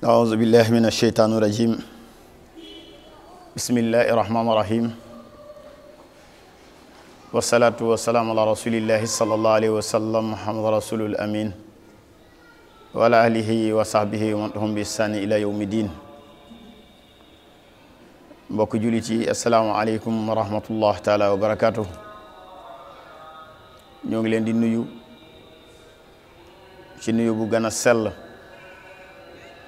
أعوذ بالله من الشيطان الرجيم بسم الله الرحمن الرحيم والصلاة والسلام على رسول الله صلى الله عليه وسلم محمد رسول الأمين وعلى أهله وصحبه ومن بإحسان إلى يوم الدين بوك جوليتي السلام عليكم ورحمة الله تعالى وبركاته barakaatu ñoo ngi leen di nuyu ci nuyu bu gën a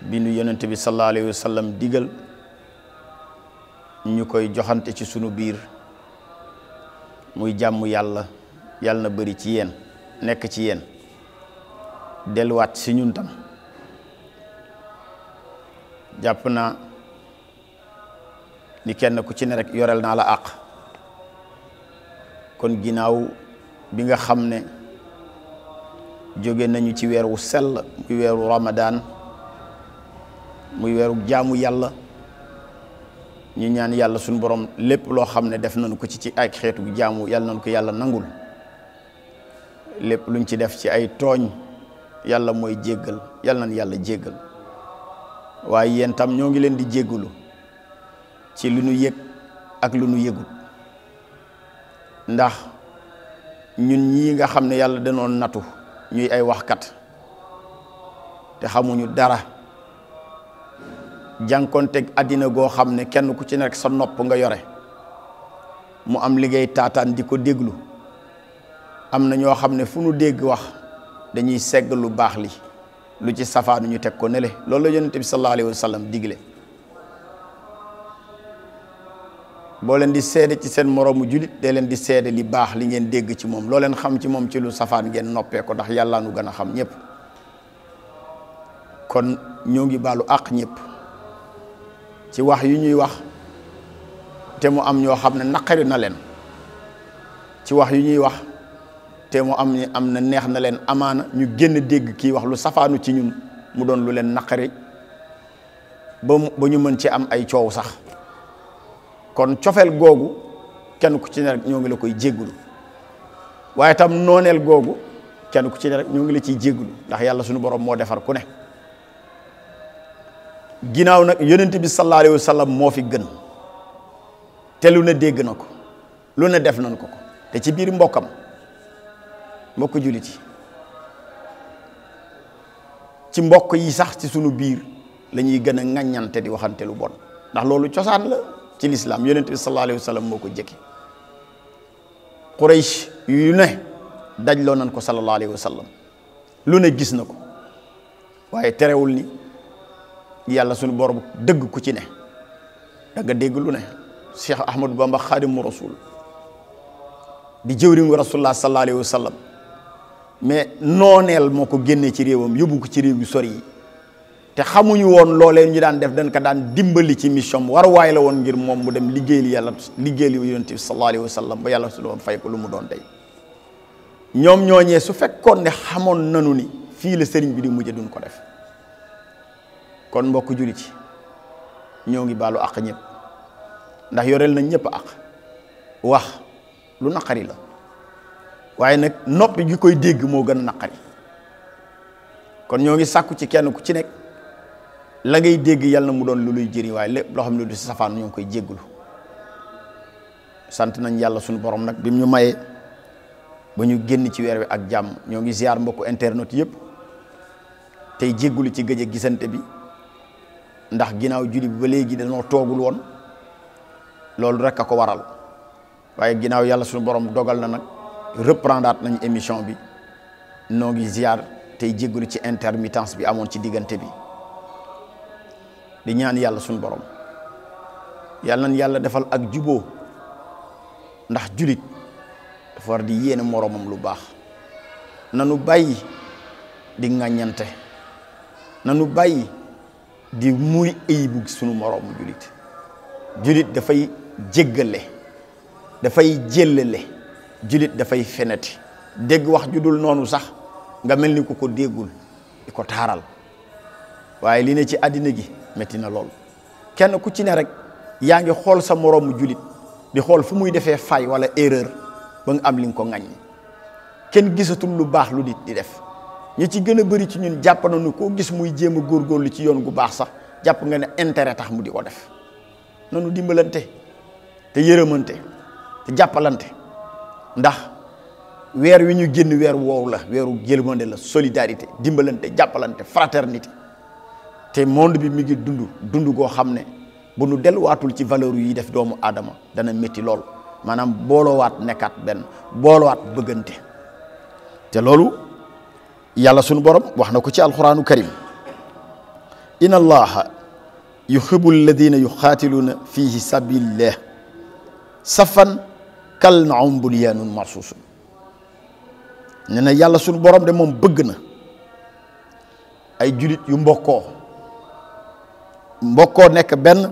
bi nu yonent bi sallallahu alayhi wa sallam digal ñu koy joxante ci sunu biir muy jàmm yàlla yàlla na bari ci yéen nekk ci yéen delluwaat si ñun tam jàpp naa ni kenn ku ci ne rek yoreel naa la àq kon ginnaaw bi nga xam ne jóge nañu ci weer sell muy weeru Ramadan. muy weeru jaamu yàlla ñu ñaan yàlla suñu borom lépp loo xam ne def nañu ko ci ci ay xeetu jaamu yàlla nañu ko yàlla nangul lépp luñ ci def ci ay tooñ yàlla mooy jéggal yàlla nañ yàlla jéggal waaye yéen ñoo ngi leen di jéggalu ci lu nu yëg ak lu ñu yëgul ndax ñun ñi nga xam ne yàlla danoon natu ñuy ay waxkat te xamuñu dara teg àddina goo xam ne kenn ku ci nekk sa nopp nga yore mu am liggéey taataan di ko déglu am na ñoo xam ne fu nu dégg wax dañuy segg lu baax li lu ci safaanu ñu teg ko nele loolu la yonent bi sallallahu alayhi wa sallam boo leen di seede ci seen moroomu julit dee leen di seede li baax li ngeen dégg ci moom loo leen xam ci moom ci lu safaan ngeen noppee ko ndax yàlla nu gën a xam ñépp kon ñoo ngi baalu àq ñépp ci wax yu ñuy wax te mu am ñoo xam ne naqari na leen ci wax yu ñuy wax te mu am ñi am na neex na leen amaana ñu génn dégg kii wax lu safaanu ci ñun mu doon lu leen naqari ba mu ba ñu mën ci am ay coow sax kon cofeel googu kenn ku ci ne rek ñoo ngi la koy jéggulu waaye tam nooneel googu kenn ku ci ne rek ñoo ngi la ciy jéggulu ndax yàlla suñu borom moo defar ku ne ginnaaw nag yonent bi sallallahu alayhi moo fi gën te lu ne dégg na ko lu ne def nañ ko ko te ci biir mbokkam mbokk jullit yi ci mbokk yi sax ci sunu biir la ñuy gën a ŋaññante di waxante lu bon ndax loolu cosaan la ci lislaam yonent bi sallallahu alayhi wa sallam moo ko jëkke Quraysh yu ne loo nañ ko sallallahu alayhi sallam lu ne gis na ko waaye terewul ni yàlla suñu borom dëgg ku ci ne da nga dégg lu ne Cheikh Ahmadou Bamba xaadimu rasul di jëwriñu rasulullah sallallahu alayhi wa sallam mais nooneel moo ko génnee ci réewam yóbbu ko ci réew yu sori yi te xamuñu woon loolee ñu daan def dañ daan dimbali ci mission am waay la woon ngir moom mu dem liggéeyal yàlla liggéeyal yonent bi sallallahu alayhi wa sallam ba yàlla suñu borom fay ko lu mu doon tey ñoom ñooñee su fekkoon ne xamoon nanu ni fii la sëriñ bi di mujj duñ ko def. kon mbokk jullit ci ñoo ngi baalu ak ñépp ndax yoreel nañ ñëpp àq wax lu naqari la waaye nag noppi gi koy dégg moo gën a naqari kon ñoo ngi sàkku ci kenn ku ci nekk la ngay dégg yàlla na mu doon lu luy jëriñ waaye lépp loo xam ne du safaan ñoo ngi koy jéggulu sant nañ yàlla suñu borom nag bi mu ñu mayee ba ñu génn ci weer wi ak jàmm ñoo ngi ziar mbokku internet yëpp tey jéggulu ci gëj a gisante bi ndax ginnaaw julli bi ba léegi dañoo toogul woon loolu rek a ko waral waaye ginnaaw yàlla suñu borom dogal na nag reprendre nañ émission bi noogi ngi ziar tey jéggalu ci intermittence bi amoon ci diggante bi di ñaan yàlla suñu borom yàlla nañ yàlla defal ak juboo ndax julit dafa war di yéene moroomam lu baax nanu bàyyi di ŋàññante nanu bàyyi di muy ayibug sunu moroomu julit julit dafay jéggale dafay jéllale julit dafay feneti dégg wax ju dul noonu sax nga mel ni ku ko déggul di ko taaral waaye li ne ci àddina gi métti na lool kenn ku ci ne rek yaa ngi xool sa moroomu julit di xool fu muy defee fay wala erreur ba nga am li nga ko ŋaññi kenn gisatul lu baax lu nit di def ñi ci gën a bëri ci ñun jàpp nañu koo gis muy jéem a góorgóorlu ci yoon gu baax sax jàpp nga ne intérêt tax mu di ko def nanu dimbalante te yërëmante te jàppalante ndax weer wi ñu génn weer woow la weeru yërmande la solidarité dimbalante jàppalante fraternité te monde bi mu ngi dund dund goo xam ne bu nu delluwaatul ci valeur yi def doomu aadama dana métti lool maanaam booloowaat nekkaat benn booloowaat bëggante te loolu yàlla sunu borom wax na ko ci alxuraanu karim inna allaha yuhibbu alladina yuxaatiluuna fihi sabilillah safan kal naum bunyaanun marsuusun ne na yàlla sunu borom de moom bëgg na ay julit yu mbokkoo mbokkoo nekk benn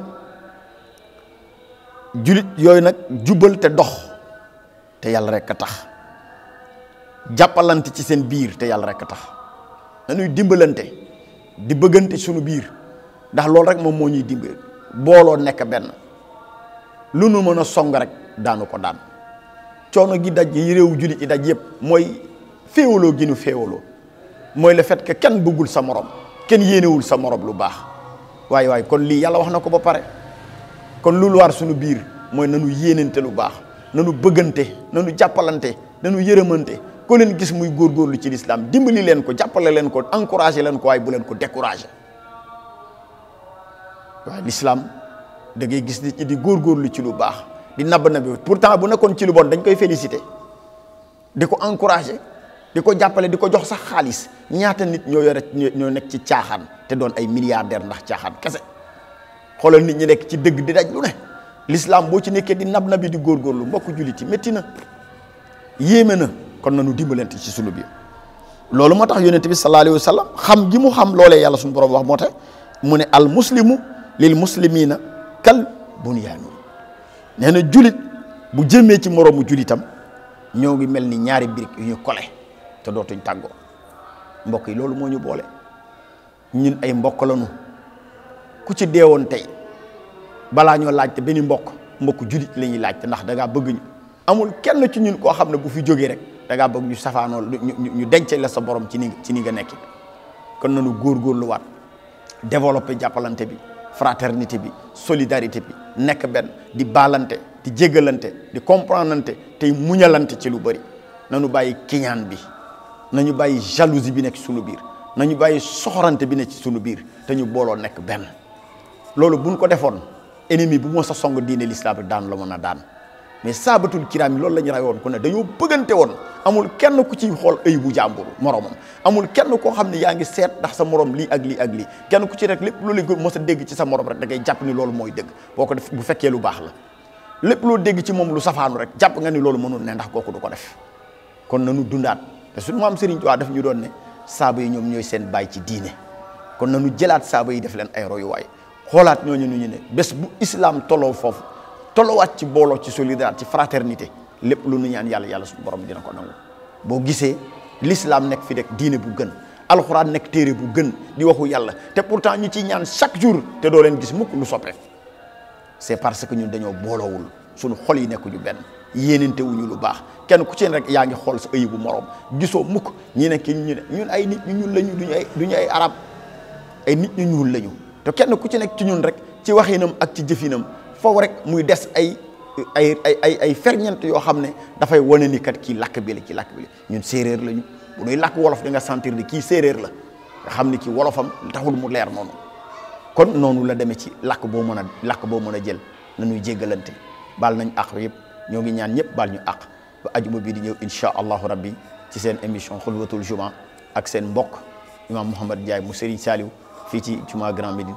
julit yooyu nag jubal te dox te yàlla rek a tax jàppalante ci seen biir te yàlla rek tax nañuy dimbalante di bëggante sunu biir ndax loolu rek moom moo ñuy dimbali booloo nekk benn lu nu mën a song rek daanu ko daan coono gi daj yi réew daj yëpp mooy féewaloo gi nu féewaloo mooy le fait que kenn bëggul sa morom kenn yéenewul sa morom lu baax waaye waaye kon lii yàlla wax na ko ba pare kon lu war suñu biir mooy nanu yéenante lu baax nanu bëggante nanu jàppalante nanu yërëmante ko leen gis muy gorlu ci l'islam dimbali leen ko jàppale leen ko encourager leen ko way bu leen ko décourager wa l'islam da ngay gis ni ñi di gorlu ci lu bax di nab na pourtant bu nekkoon ci lu bon dañ koy félicité diko encourager diko di diko jox sax xaalis ñaata nit ñoo yore ño nek ci tiaxan te doon ay milliardaire ndax tiaxan kese xolal nit ñi nek ci deug di daj lu ne l'islam bo ci nekkee di nab na bi di góorgóorlu mbokk jullit yi na yéme na kon nañu dimbalante ci sunu biir loolu moo tax yonent bi sallallahu alayhi wa sallam xam ji mu xam loolee yàlla suñu borom wax moo tax mu ne al muslimu lil muslimina kal bunyamin nee na julit bu jëmee ci moroomu julitam ñoo ngi mel ni ñaari briques yu ñu kole te dootuñ tàggoo mbokk yi loolu moo ñu boole ñun ay mbokk lañu ku ci dee woon tey balaa ñoo laaj laajte benn mbokk mbokk julit la ñuy laajte ndax da ngaa bëgg ñu amul kenn ci ñun koo xam ne bu fi jógee rek da ngaa bëgg ñu safaanoo ñu denc la sa borom ci ni ci ni nga nekk kon nañu góorgóorlu waat développer jàppalante bi fraternité bi solidarité bi nekk benn di baalante di jégalante di comprendante tey muñalante ci lu bëri nañu bàyyi kiñaan bi nañu bàyyi jalousie bi nekk sunu biir nañu bàyyi soxorante bi nekk ci sunu biir te ñu booloo nekk benn loolu buñ ko defoon ennemi bu moo sa song diine l'islam daan la mën a daan mais saabatul kiraam yi loolu la ñu rayoon ku ne dañoo bëggante woon amul kenn ku ciy xool ay bu jàmbur moroomam amul kenn koo xam ne yaa ngi seet ndax sa morom lii ak lii ak lii kenn ku ci rek lépp loolu ko mos a dégg ci sa morom rek da jàpp ni loolu mooy dégg boo ko def bu fekkee lu baax la lépp loo dégg ci moom lu safaanu rek jàpp nga ni loolu mënul ne ndax kooku du ko def kon nanu dundaat te suñu maam Serigne waa daf ñu doon ne saaba yi ñoom ñooy seen baay ci diine kon nanu jëlaat saaba yi def leen ay royuwaay xoolaat ñooñu nu ñu ne bés bu islam tolloo foofu tolluwaat ci booloo ci solidarité ci fraternité lépp lu nu ñaan yàlla yàlla su borom dina ko nangu boo gisee l'islam nekk fi nekk diine bu gën alxuraan nekk téere bu gën di waxu yàlla te pourtant ñu ciy ñaan chaque jour te doo leen gis mukk lu soppee c'est parce que ñun dañoo booloowul suñu xol yi nekkuñu benn yéenante lu baax kenn ku ci rek yaa ngi xool sa ëyi bu moroom gisoo mukk ñi nekk ñu ñun ay nit ñu ñuul lañu duñu ay duñu ay arab ay nit ñu ñuul lañu te kenn ku ci nekk ci ñun rek ci waxinam ak ci jëfinam foofu rek muy des ay ay ay ay ay ferñeent yoo xam ne dafay wane ni kat kii làkk bi la kii làkk bi la ñun séeréer lañu bu nuy làkk wolof di nga sentir ni kii séeréer la nga xam ni kii wolofam taxul mu leer noonu kon noonu la demee ci làkk boo mën a làkk boo jël nañuy jéggalante baal nañ àq yëpp ñoo ñaan ñëpp baal ñu àq ba ajuma bi di ñëw insha allahu rabbi ci seen émission xulwatul juma ak seen mbokk imam Mouhamed Ndiaye mu Serigne Saliou fii ci juma Grand Médine